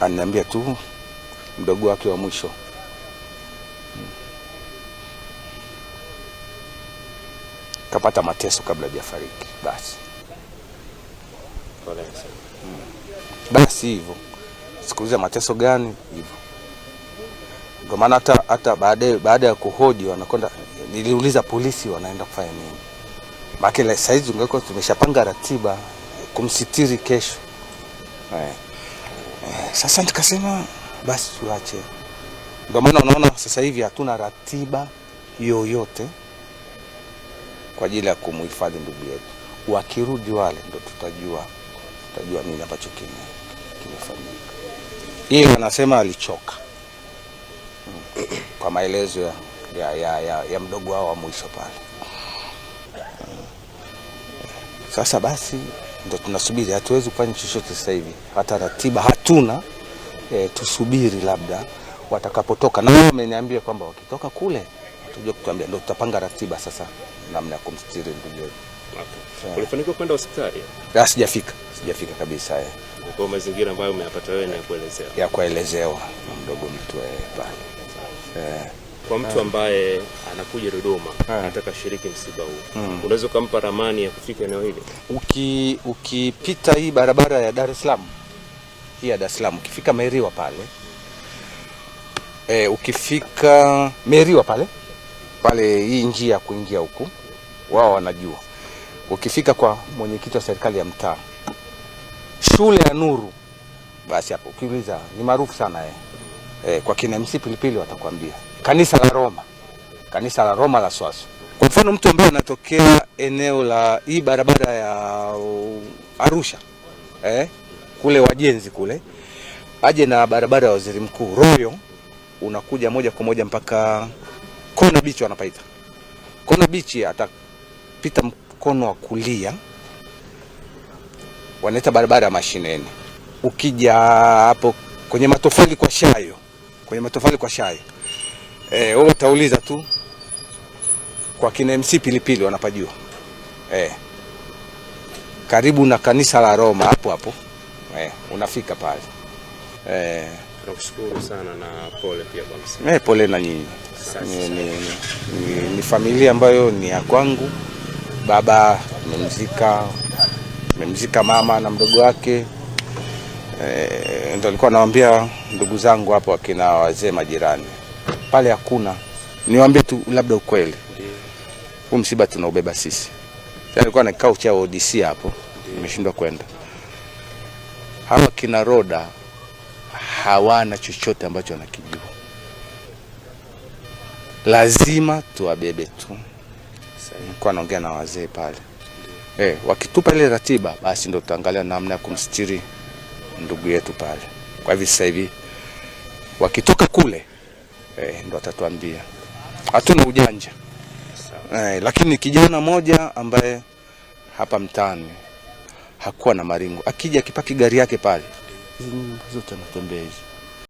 ananiambia tu mdogo wake wa mwisho kapata mateso kabla hajafariki. Basi basi hivyo, sikuuliza mateso gani hivyo. kwa maana hata hata baadaye, baada ya kuhoji wanakwenda, niliuliza polisi wanaenda kufanya nini? Maana saizi ungekuwa tumeshapanga ratiba kumsitiri kesho eh. Sasa nikasema basi tuache. Ndio maana unaona sasa hivi hatuna ratiba yoyote kwa ajili ya kumhifadhi ndugu yetu. Wakirudi wale ndo tutajua, tutajua nini ambacho kimefanyika. Hii wanasema alichoka kwa maelezo ya, ya, ya, ya, ya mdogo wao wa mwisho pale. Sasa basi ndo tunasubiri, hatuwezi kufanya chochote sasa hivi, hata ratiba hatuna e, tusubiri labda watakapotoka, na wameniambia kwamba wakitoka kule watuje kutuambia, ndo tutapanga ratiba sasa namna ya kumstiri ndugu yetu. Eh. Ulifanikiwa kwenda hospitali? Ah, sijafika, sijafika kabisa eh. Kwa mazingira ambayo umeyapata wewe ni ya kuelezewa, ya kuelezewa na mdogo mtu eh, pale eh kwa mtu ah. ambaye anakuja Dodoma ah. anataka shiriki msiba huu mm. unaweza ukampa ramani ya kufika eneo hili uki ukipita hii barabara ya Dar es Salaam hii ya Dar es Salaam ukifika Meriwa pale e, ukifika Meriwa pale pale hii njia ya kuingia huku wao wanajua. Ukifika kwa mwenyekiti wa serikali ya mtaa shule ya Nuru, basi hapo ukiuliza ni maarufu sana eh. E, kwa kina MC Pilipili watakwambia kanisa la Roma, kanisa la Roma la Swaso. Kwa mfano mtu ambaye anatokea eneo la hii barabara ya Arusha eh, kule wajenzi kule, aje na barabara ya waziri mkuu royo unakuja moja kwa moja mpaka Kona Beach wanapaita Kona Beach, atapita mkono wa kulia, wanaita barabara ya Mashineni. Ukija hapo kwenye matofali kwa shayo, kwenye matofali kwa shayo eh, wewe utauliza tu kwa kina MC Pilipili wanapajua eh, karibu na kanisa la Roma hapo hapo eh, unafika pale eh. Nakushukuru sana na pole pia bwana. Eh, pole na nyinyi ni, ni, ni, ni familia ambayo ni ya kwangu. Baba memzika memzika mama na mdogo wake eh, ndio alikuwa anawaambia ndugu zangu hapo akina wazee majirani pale hakuna. Niwaambie tu labda ukweli, huu msiba tunaubeba sisi. Nilikuwa na kikao cha ODC hapo, nimeshindwa kwenda. Hawa kina Roda hawana chochote ambacho wanakijua, lazima tuwabebe tu. Nilikuwa naongea na wazee pale eh, wakitupa ile ratiba, basi ndio tutaangalia namna ya kumstiri ndugu yetu pale. Kwa hivi sasa hivi wakitoka kule eh, ndo atatuambia. Hatuna ujanja eh, lakini kijana moja ambaye hapa mtaani hakuwa na maringo, akija akipaki gari yake pale mm, zote anatembea hizo